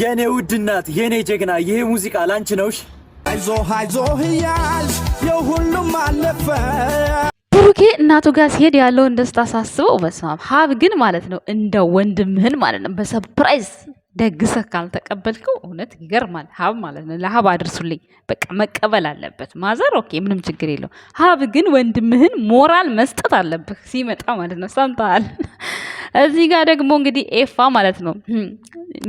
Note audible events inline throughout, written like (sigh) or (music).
የኔ ውድ እናት የኔ ጀግና፣ ይሄ ሙዚቃ ላንች ነውሽ። አይዞ አይዞ እያል የሁሉም አለፈ። ብሩኬ እናቱ ጋር ሲሄድ ያለውን ደስታ ሳስበው በስማም ሀብ ግን ማለት ነው እንደ ወንድምህን ማለት ነው በሰርፕራይዝ ደግሰ ካልተቀበልከው እውነት ይገርማል። ሀብ ማለት ነው ለሀብ አድርሱልኝ በቃ መቀበል አለበት። ማዘር ኦኬ፣ ምንም ችግር የለው። ሀብ ግን ወንድምህን ሞራል መስጠት አለብህ ሲመጣ ማለት ነው። ሰምተሃል? እዚህ ጋር ደግሞ እንግዲህ ኤፋ ማለት ነው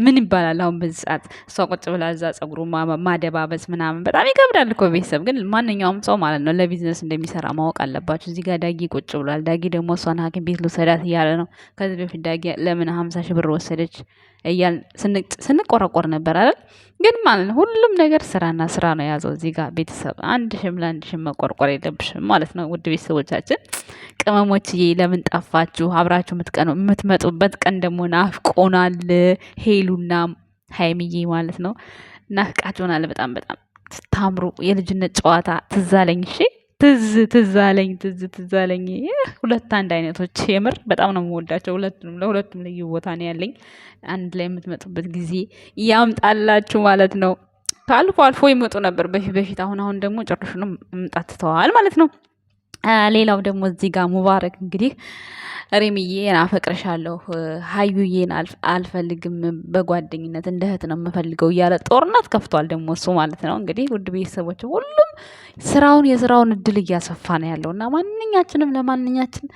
ምን ይባላል አሁን በዚህ ሰዓት እሷ ቁጭ ብላ እዛ ጸጉሩ ማደባበስ ምናምን በጣም ይከብዳል እኮ ቤተሰብ። ግን ማንኛውም ሰው ማለት ነው ለቢዝነስ እንደሚሰራ ማወቅ አለባቸው። እዚህ ጋር ዳጊ ቁጭ ብሏል። ዳጊ ደግሞ እሷን ሀኪም ቤት ልውሰዳት እያለ ነው። ከዚህ በፊት ዳጊ ለምን ሀምሳ ሺህ ብር ወሰደች? እያል ስንቆረቆር ነበር አይደል? ግን ማለት ነው ሁሉም ነገር ስራና ስራ ነው የያዘው። እዚህ ጋር ቤተሰብ አንድ ሽም ለአንድ ሽም መቆርቆር የለብሽም ማለት ነው። ውድ ቤተሰቦቻችን ቅመሞችዬ፣ ለምን ጠፋችሁ? አብራችሁ የምትመጡበት ቀን ደግሞ ናፍቆናል። ሄሉና ሀይሚዬ ማለት ነው ናፍቃችሁናል። በጣም በጣም ስታምሩ የልጅነት ጨዋታ ትዝ አለኝ። እሺ ትዝ ትዝ አለኝ ትዝ ትዝ አለኝ። ሁለት አንድ አይነቶች የምር በጣም ነው የምወዳቸው ሁለቱንም። ለሁለቱም ልዩ ቦታ ነው ያለኝ። አንድ ላይ የምትመጡበት ጊዜ እያምጣላችሁ ማለት ነው። ከአልፎ አልፎ ይመጡ ነበር በፊት በፊት፣ አሁን አሁን ደግሞ ጨርሹንም መምጣት ትተዋል ማለት ነው። ሌላው ደግሞ እዚህ ጋር ሙባረክ እንግዲህ ሬምዬን አፈቅረሻለሁ ሀዩዬን አልፈልግም፣ በጓደኝነት እንደ እህት ነው የምፈልገው እያለ ጦርነት ከፍቷል። ደግሞ እሱ ማለት ነው እንግዲህ ውድ ቤተሰቦች፣ ሁሉም ስራውን የስራውን እድል እያሰፋ ነው ያለው እና ማንኛችንም ለማንኛችን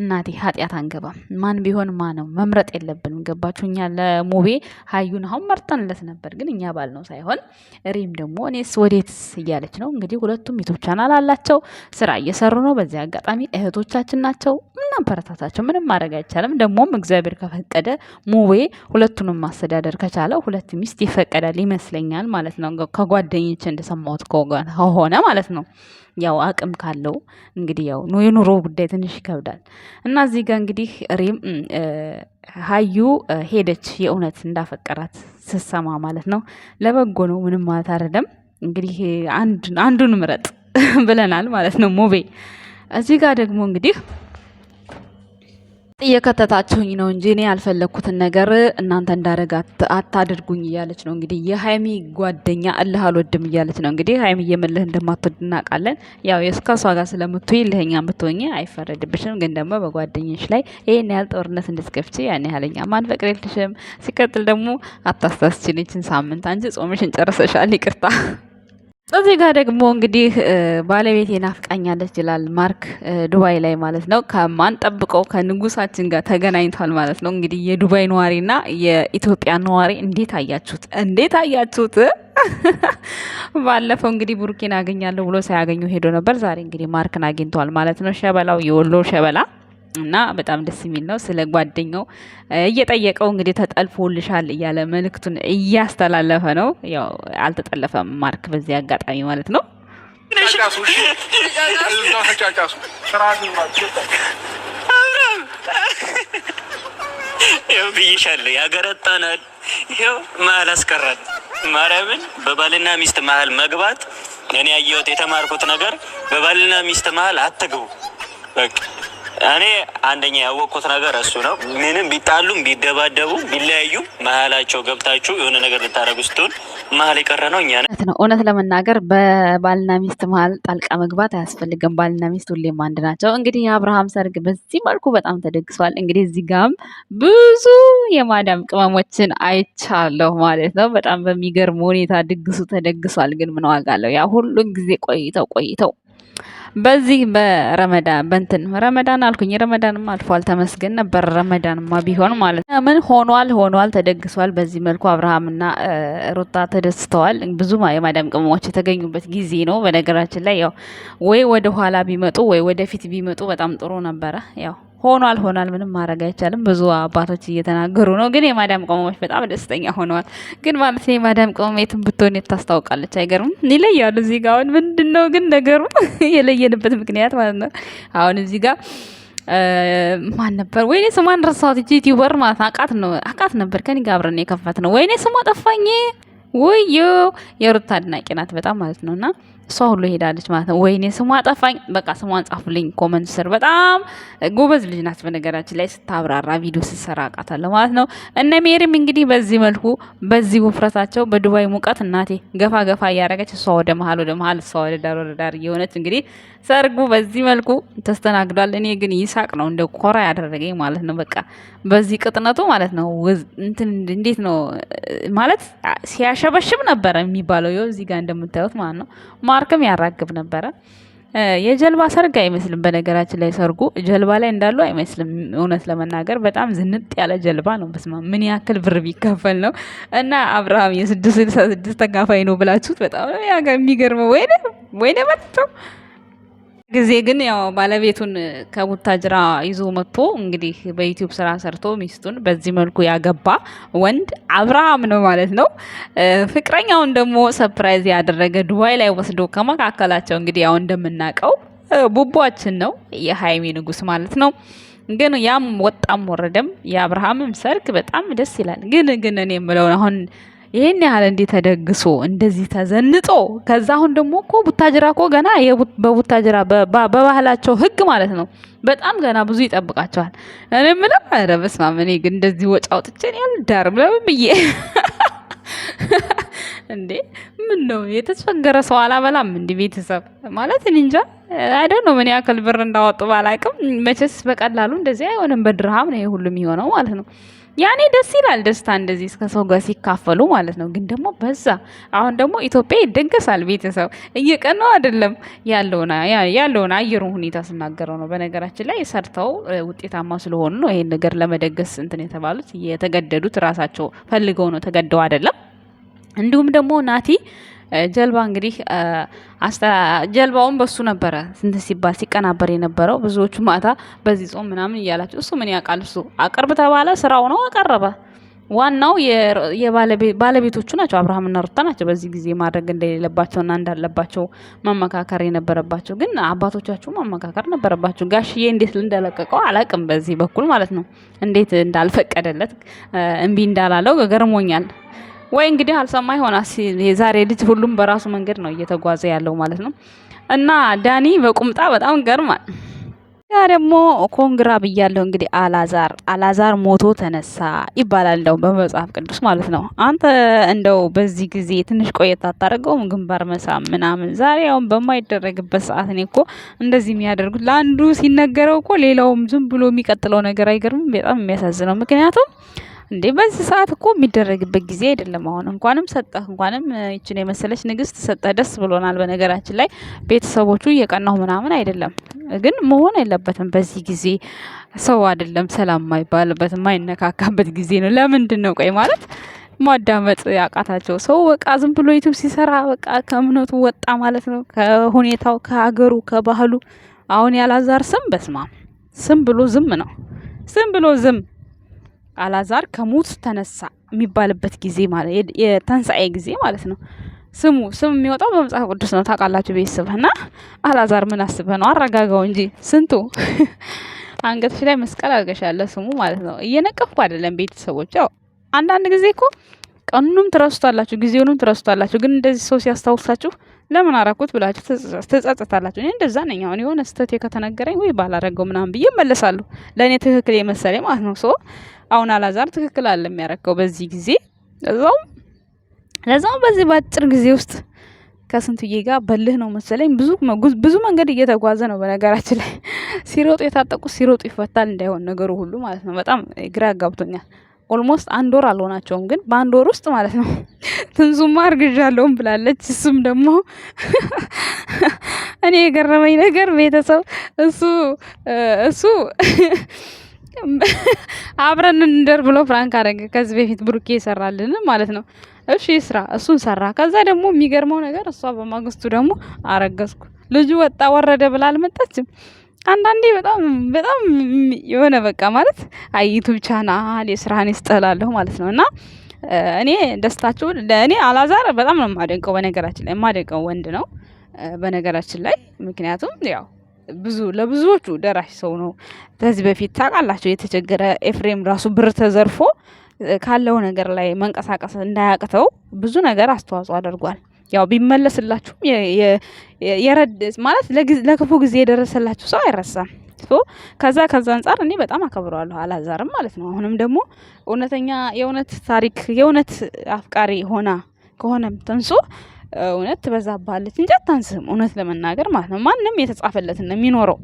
እናቴ ኃጢአት አንገባም። ማን ቢሆን ማ ነው መምረጥ የለብንም። ገባችሁ? እኛ ለሙቤ ሀዩን አሁን መርጠንለት ነበር፣ ግን እኛ ባል ነው ሳይሆን ሪም ደግሞ እኔስ ወዴትስ እያለች ነው እንግዲህ። ሁለቱም ዩቱብ ቻናል አላቸው፣ ስራ እየሰሩ ነው ነው። በዚህ አጋጣሚ እህቶቻችን ናቸው፣ ፈረታታቸው ምንም ማድረግ አይቻልም። ደግሞም እግዚአብሔር ከፈቀደ ሙቤ ሁለቱንም ማስተዳደር ከቻለ ሁለት ሚስት ይፈቀዳል ይመስለኛል ማለት ነው። ከጓደኞች እንደሰማሁት ከሆነ ማለት ነው። ያው አቅም ካለው እንግዲህ ያው የኑሮ ጉዳይ ትንሽ ይከብዳል እና እዚህ ጋር እንግዲህ ሪም ሀዩ ሄደች የእውነት እንዳፈቀራት ስሰማ ማለት ነው። ለበጎ ነው። ምንም ማለት አይደለም። እንግዲህ አንዱን ምረጥ ብለናል ማለት ነው ሙቤ እዚህ ጋር ደግሞ እንግዲህ እየከተታችሁኝ ነው እንጂ እኔ ያልፈለግኩትን ነገር እናንተ እንዳደረግ አታድርጉኝ እያለች ነው እንግዲህ የሀይሚ ጓደኛ እልህ አልወድም እያለች ነው እንግዲህ ሀይሚ የምልህ እንደማትወድ እናውቃለን። ያው የስካሷ ጋር ስለምትይ ልህኛ ምትሆኝ አይፈረድብሽም፣ ግን ደግሞ በጓደኞች ላይ ይህን ያህል ጦርነት እንድትከፍቺ ያን ያህለኛ ማን ፈቅድ የልሽም። ሲቀጥል ደግሞ አታስታስችን አታስታስችንችን ሳምንት አንቺ ጾምሽን ጨርሰሻል። ይቅርታ እዚህ ጋር ደግሞ እንግዲህ ባለቤቴ ናፍቃኛለች ይላል ማርክ ዱባይ ላይ ማለት ነው። ከማን ጠብቀው ከንጉሳችን ጋር ተገናኝቷል ማለት ነው። እንግዲህ የዱባይ ነዋሪና የኢትዮጵያ ነዋሪ እንዴት አያችሁት? እንዴት አያችሁት? (laughs) ባለፈው እንግዲህ ቡርኪን አገኛለሁ ብሎ ሳያገኙ ሄዶ ነበር። ዛሬ እንግዲህ ማርክን አግኝተዋል ማለት ነው። ሸበላው የወሎ ሸበላ እና በጣም ደስ የሚል ነው። ስለ ጓደኛው እየጠየቀው እንግዲህ ተጠልፎልሻል እያለ መልእክቱን እያስተላለፈ ነው። ያው አልተጠለፈም ማርክ በዚህ አጋጣሚ ማለት ነው። ይኸው ብዬሻለሁ፣ ያገረጣናል። ይኸው መሀል አስቀራል። ማርያምን በባልና ሚስት መሀል መግባት እኔ ያየሁት የተማርኩት ነገር በባልና ሚስት መሀል አትግቡ በቃ እኔ አንደኛ ያወቅኩት ነገር እሱ ነው። ምንም ቢጣሉም ቢደባደቡ ቢለያዩ መሀላቸው ገብታችሁ የሆነ ነገር ልታደረጉ ስትሆን መሀል የቀረ ነው እኛ ነው። እውነት ለመናገር በባልና ሚስት መሀል ጣልቃ መግባት አያስፈልግም። ባልና ሚስት ሁሌም አንድ ናቸው። እንግዲህ የአብርሃም ሰርግ በዚህ መልኩ በጣም ተደግሷል። እንግዲህ እዚህ ጋም ብዙ የማዳም ቅመሞችን አይቻለሁ ማለት ነው። በጣም በሚገርም ሁኔታ ድግሱ ተደግሷል። ግን ምን ዋጋ አለው? ያ ሁሉን ጊዜ ቆይተው ቆይተው በዚህ በረመዳን በንትን ረመዳን አልኩኝ ረመዳንማ አልፏል፣ ተመስገን ነበር። ረመዳንማ ቢሆን ማለት ነው ምን ሆኗል ሆኗል፣ ተደግሷል። በዚህ መልኩ አብርሃምና ሩታ ተደስተዋል። ብዙ የማዳም ቅመሞች የተገኙበት ጊዜ ነው። በነገራችን ላይ ያው ወይ ወደ ኋላ ቢመጡ ወይ ወደፊት ቢመጡ በጣም ጥሩ ነበረ ያው ሆኗል ሆኗል፣ ምንም ማድረግ አይቻልም። ብዙ አባቶች እየተናገሩ ነው፣ ግን የማዳም ቅመሞች በጣም ደስተኛ ሆነዋል። ግን ማለት የማዳም ቅመም የትም ብትሆን የታስታውቃለች አይገርም። ይለያሉ። እዚህ ጋ አሁን ምንድን ነው ግን ነገሩ (laughs) የለየንበት ምክንያት ማለት ነው አሁን እዚህ ጋ ማን ነበር? ወይኔ ስሟን ረሳት። እቺ ዩቲዩበር ማለት አቃት ነው አቃት ነበር ከኔ ጋር አብረን የከፈት ነው። ወይኔ ስሟ ጠፋኝ። ወዮ የሩታ አድናቂ ናት በጣም ማለት ነውና እሷ ሁሉ ሄዳለች ማለት ነው። ወይኔ ስሟ ጠፋኝ። በቃ ስሟን ጻፉልኝ ኮመንት ስር። በጣም ጎበዝ ልጅ ናት በነገራችን ላይ ስታብራራ፣ ቪዲዮ ስትሰራ አውቃታለሁ ማለት ነው። እነ ሜሪም እንግዲህ በዚህ መልኩ በዚህ ውፍረታቸው በዱባይ ሙቀት እናቴ ገፋ ገፋ እያደረገች እሷ ወደ መሀል ወደ መሀል እሷ ወደ ዳር ወደ ዳር እየሆነች እንግዲህ ሰርጉ በዚህ መልኩ ተስተናግዷል። እኔ ግን ይሳቅ ነው እንደ ኮራ ያደረገኝ ማለት ነው። በቃ በዚህ ቅጥነቱ ማለት ነው እንትን እንዴት ነው ማለት ሲያሸበሽብ ነበረ የሚባለው ይኸው እዚህ ጋር እንደምታዩት ማለት ነው ማርክም ያራግብ ነበረ። የጀልባ ሰርግ አይመስልም። በነገራችን ላይ ሰርጉ ጀልባ ላይ እንዳሉ አይመስልም። እውነት ለመናገር በጣም ዝንጥ ያለ ጀልባ ነው። በስማ ምን ያክል ብር ቢካፈል ነው? እና አብርሃም የስድስት ተካፋይ ነው ብላችሁት በጣም የሚገርመው ወይኔ ወይኔ መጥተው ጊዜ ግን ያው ባለቤቱን ከቡታጅራ ይዞ መጥቶ እንግዲህ በዩቲዩብ ስራ ሰርቶ ሚስቱን በዚህ መልኩ ያገባ ወንድ አብርሃም ነው ማለት ነው። ፍቅረኛውን ደግሞ ሰፕራይዝ ያደረገ ዱባይ ላይ ወስዶ ከመካከላቸው እንግዲህ ያው እንደምናውቀው ቡቧችን ነው የሀይሚ ንጉስ ማለት ነው። ግን ያም ወጣም ወረደም የአብርሃምም ሰርግ በጣም ደስ ይላል። ግን ግን እኔ የምለውን አሁን ይህን ያህል እንዲህ ተደግሶ እንደዚህ ተዘንጦ ከዛ አሁን ደግሞ እኮ ቡታጅራ እኮ ገና በቡታጅራ በባህላቸው ህግ ማለት ነው በጣም ገና ብዙ ይጠብቃቸዋል። እኔ ምንም ኧረ በስመ አብ እኔ ግን እንደዚህ ወጪ አውጥቼ እኔ አልዳርም ለምን ብዬ (laughs) እንዴ ምን ነው የተስፈገረ ሰው አላበላም። እንዲህ ቤተሰብ ማለት እንጃ አይደ ነው ምን ያክል ብር እንዳወጡ ባላቅም፣ መቼስ በቀላሉ እንደዚህ አይሆንም። በድርሃም ነው ሁሉም የሚሆነው ማለት ነው። ያኔ ደስ ይላል። ደስታ እንደዚህ እስከ ሰው ጋር ሲካፈሉ ማለት ነው። ግን ደግሞ በዛ አሁን ደግሞ ኢትዮጵያ ይደገሳል። ቤተሰብ እየቀነው አይደለም ያለውን አየሩን ሁኔታ ስናገረው ነው። በነገራችን ላይ ሰርተው ውጤታማ ስለሆኑ ነው ይሄን ነገር ለመደገስ እንትን የተባሉት የተገደዱት ራሳቸው ፈልገው ነው፣ ተገደው አይደለም። እንዲሁም ደግሞ ናቲ ጀልባ እንግዲህ ጀልባውን በሱ ነበረ ስንት ሲባል ሲቀናበር የነበረው ብዙዎቹ ማታ በዚህ ጾም ምናምን እያላቸው እሱ ምን ያውቃል? እሱ አቅርብ ተባለ ስራው ነው አቀረበ። ዋናው ባለቤቶቹ ናቸው፣ አብርሃምና ሩታ ናቸው። በዚህ ጊዜ ማድረግ እንደሌለባቸውና እንዳለባቸው መመካከር የነበረባቸው ግን አባቶቻችሁ መመካከር ነበረባቸው። ጋሽዬ እንዴት እንደለቀቀው አላቅም፣ በዚህ በኩል ማለት ነው። እንዴት እንዳልፈቀደለት እምቢ እንዳላለው ገርሞኛል። ወይ እንግዲህ አልሰማ ይሆናል። የዛሬ ልጅ ሁሉም በራሱ መንገድ ነው እየተጓዘ ያለው ማለት ነው። እና ዳኒ በቁምጣ በጣም ገርማል። ያ ደግሞ ኮንግራ ብያለሁ እንግዲህ አላዛር አላዛር ሞቶ ተነሳ ይባላል፣ እንደው በመጽሐፍ ቅዱስ ማለት ነው። አንተ እንደው በዚህ ጊዜ ትንሽ ቆየት አታደርገውም? ግንባር መሳ ምናምን ዛሬ አሁን በማይደረግበት ሰዓት እኔ እኮ እንደዚህ የሚያደርጉት ለአንዱ ሲነገረው እኮ ሌላውም ዝም ብሎ የሚቀጥለው ነገር አይገርምም? በጣም የሚያሳዝነው ምክንያቱም እንዴ በዚህ ሰዓት እኮ የሚደረግበት ጊዜ አይደለም። አሁን እንኳንም ሰጠህ እንኳንም ይችን የመሰለች ንግስት ሰጠህ ደስ ብሎናል። በነገራችን ላይ ቤተሰቦቹ እየቀናሁ ምናምን አይደለም፣ ግን መሆን የለበትም በዚህ ጊዜ ሰው አይደለም ሰላም የማይባልበት የማይነካካበት ጊዜ ነው። ለምንድን ነው ቆይ ማለት ማዳመጥ ያቃታቸው ሰው በቃ ዝም ብሎ ዩቱብ ሲሰራ በቃ ከእምነቱ ወጣ ማለት ነው፣ ከሁኔታው ከሀገሩ ከባህሉ። አሁን ያላዛር ስም በስማ ስም ብሎ ዝም ነው፣ ስም ብሎ ዝም አላዛር ከሙት ተነሳ የሚባልበት ጊዜ ማለት የተንሳኤ ጊዜ ማለት ነው። ስሙ ስም የሚወጣው በመጽሐፍ ቅዱስ ነው ታውቃላችሁ ቤተሰብህ እና አላዛር ምን አስበህ ነው? አረጋጋው እንጂ ስንቱ (laughs) አንገትሽ ላይ መስቀል አድርገሻለ ስሙ ማለት ነው። እየነቀፍኩ አይደለም ቤተሰቦች። ያው አንዳንድ ጊዜ እኮ ቀኑንም ትረሱታላችሁ፣ ጊዜውንም ትረሱታላችሁ። ግን እንደዚህ ሰው ሲያስታውሳችሁ ለምን አረኩት ብላችሁ ትጸጸታላችሁ። እኔ እንደዛ ነኝ። አሁን የሆነ ስህተት ከተነገረኝ ወይ ባላረገው ምናምን ብዬ እመለሳለሁ። ለእኔ ትክክል የመሰለ ማለት ነው አሁን አላዛር ትክክል አለ የሚያረከው በዚህ ጊዜ ለዛው ለዛው በዚህ በአጭር ጊዜ ውስጥ ከስንትዬ ጋር በልህ ነው መሰለኝ። ብዙ ብዙ መንገድ እየተጓዘ ነው። በነገራችን ላይ (laughs) ሲሮጡ የታጠቁት ሲሮጡ ይፈታል እንዳይሆን ነገሩ ሁሉ ማለት ነው። በጣም ግራ አጋብቶኛል። ኦልሞስት አንድ ወር አልሆናቸውም፣ ግን በአንድ ወር ውስጥ ማለት ነው (laughs) ትንሱማ እርግዣለሁም ብላለች። እሱም ደግሞ (laughs) እኔ የገረመኝ ነገር ቤተሰብ እሱ እሱ (laughs) አብረን እንደር ብሎ ፍራንክ አረገ። ከዚህ በፊት ብሩኬ ይሰራልን ማለት ነው። እሺ ስራ እሱን ሰራ። ከዛ ደግሞ የሚገርመው ነገር እሷ በማግስቱ ደግሞ አረገዝኩ ልጁ ወጣ ወረደ ብላ አልመጣችም። አንዳንዴ በጣም በጣም የሆነ በቃ ማለት አይዩቱብ ቻናል የስራን ይስጠላለሁ ማለት ነው እና እኔ ደስታችሁ ለእኔ አላዛር በጣም ነው የማደንቀው። በነገራችን ላይ የማደንቀው ወንድ ነው በነገራችን ላይ ምክንያቱም ያው ብዙ ለብዙዎቹ ደራሽ ሰው ነው። ከዚህ በፊት ታውቃላቸው የተቸገረ ኤፍሬም ራሱ ብር ተዘርፎ ካለው ነገር ላይ መንቀሳቀስ እንዳያቅተው ብዙ ነገር አስተዋጽኦ አድርጓል። ያው ቢመለስላችሁም የረድ ማለት ለክፉ ጊዜ የደረሰላችሁ ሰው አይረሳም። ከዛ ከዛ አንጻር እኔ በጣም አከብረዋለሁ አላዛርም ማለት ነው። አሁንም ደግሞ እውነተኛ የእውነት ታሪክ የእውነት አፍቃሪ ሆና ከሆነም ተንሶ እውነት ትበዛባለች እንጂ አታንስም። እውነት ለመናገር ማለት ነው ማንም የተጻፈለትን ነው የሚኖረው።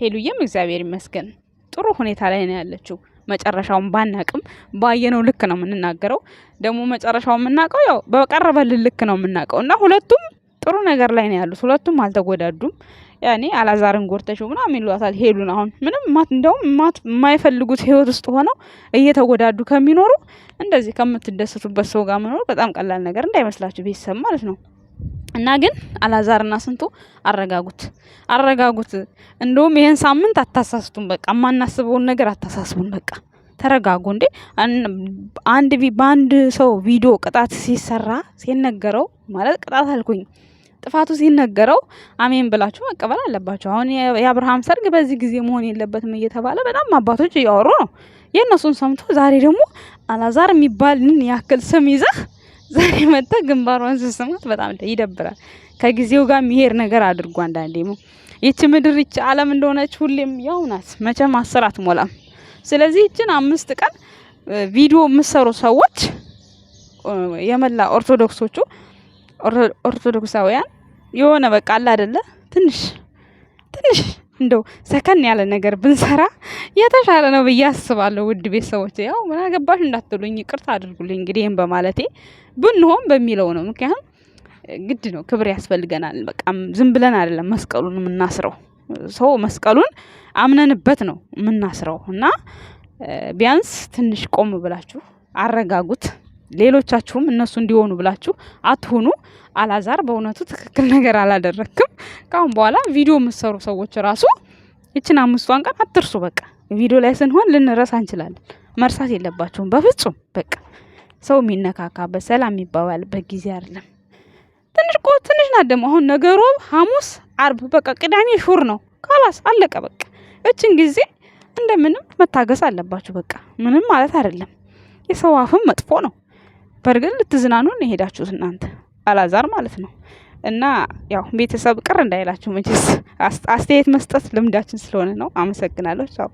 ሄሉዬም እግዚአብሔር ይመስገን ጥሩ ሁኔታ ላይ ነው ያለችው። መጨረሻውን ባናቅም ባየነው ልክ ነው የምንናገረው። ደግሞ መጨረሻው የምናውቀው ያው በቀረበልን ልክ ነው የምናውቀው እና ሁለቱም ጥሩ ነገር ላይ ነው ያሉት። ሁለቱም አልተጎዳዱም። ያኔ አላዛርን ጎርተሽው ምናምን ይሏታል ሄሉን። አሁን ምንም ማት እንደውም ማት የማይፈልጉት ህይወት ውስጥ ሆነው እየተጎዳዱ ከሚኖሩ እንደዚህ ከምትደሰቱበት ሰው ጋር መኖር በጣም ቀላል ነገር እንዳይመስላችሁ ቤተሰብ ማለት ነው። እና ግን አላዛርና ስንቱ አረጋጉት፣ አረጋጉት። እንደውም ይህን ሳምንት አታሳስቱን፣ በቃ የማናስበውን ነገር አታሳስቡን፣ በቃ ተረጋጉ እንዴ። አንድ በአንድ ሰው ቪዲዮ ቅጣት ሲሰራ ሲነገረው ማለት ቅጣት አልኩኝ ጥፋቱ ሲነገረው አሜን ብላችሁ መቀበል አለባችሁ። አሁን የአብርሃም ሰርግ በዚህ ጊዜ መሆን የለበትም እየተባለ በጣም አባቶች እያወሩ ነው። የእነሱን ሰምቶ ዛሬ ደግሞ አላዛር የሚባልን ያክል ስም ይዘህ ዛሬ መጥተህ ግንባሯን ስስማት በጣም ይደብራል። ከጊዜው ጋር የሚሄድ ነገር አድርጎ አንዳንዴ ይቺ ምድር ይቺ ዓለም እንደሆነች ሁሌም ያው ናት፣ መቼም አስር አትሞላም። ስለዚህ ይችን አምስት ቀን ቪዲዮ የምሰሩ ሰዎች የመላ ኦርቶዶክሶቹ ኦርቶዶክሳውያን የሆነ በቃ አለ አይደለ ትንሽ ትንሽ እንደው ሰከን ያለ ነገር ብንሰራ የተሻለ ነው ብዬ አስባለሁ። ውድ ቤተሰቦች ያው ምን አገባሽ እንዳትሉኝ ቅርታ አድርጉልኝ። እንግዲህ ይህም በማለቴ ብንሆን በሚለው ነው። ምክንያቱም ግድ ነው፣ ክብር ያስፈልገናል። በቃ ዝም ብለን አይደለም መስቀሉን የምናስረው። ሰው መስቀሉን አምነንበት ነው የምናስረው እና ቢያንስ ትንሽ ቆም ብላችሁ አረጋጉት። ሌሎቻችሁም እነሱ እንዲሆኑ ብላችሁ አትሆኑ። አላዛር በእውነቱ ትክክል ነገር አላደረግክም። ካሁን በኋላ ቪዲዮ የምትሰሩ ሰዎች ራሱ ይችን አምስቷን ቀን አትርሱ። በቃ ቪዲዮ ላይ ስንሆን ልንረሳ እንችላለን። መርሳት የለባችሁም በፍጹም። በቃ ሰው የሚነካካበት ሰላም የሚባባልበት ጊዜ አይደለም። ትንሽ ቆ ትንሽ ናት ደግሞ አሁን ነገሩ ሐሙስ፣ አርብ በቃ ቅዳሜ ሹር ነው። ካላስ አለቀ በቃ እችን ጊዜ እንደምንም መታገስ አለባችሁ። በቃ ምንም ማለት አይደለም። የሰው አፍም መጥፎ ነው። በርግጥ ልትዝናኑ ነው የሄዳችሁት እናንተ አላዛር ማለት ነው። እና ያው ቤተሰብ ቅር እንዳይላችሁ መቼስ አስተያየት መስጠት ልምዳችን ስለሆነ ነው። አመሰግናለሁ። ቻው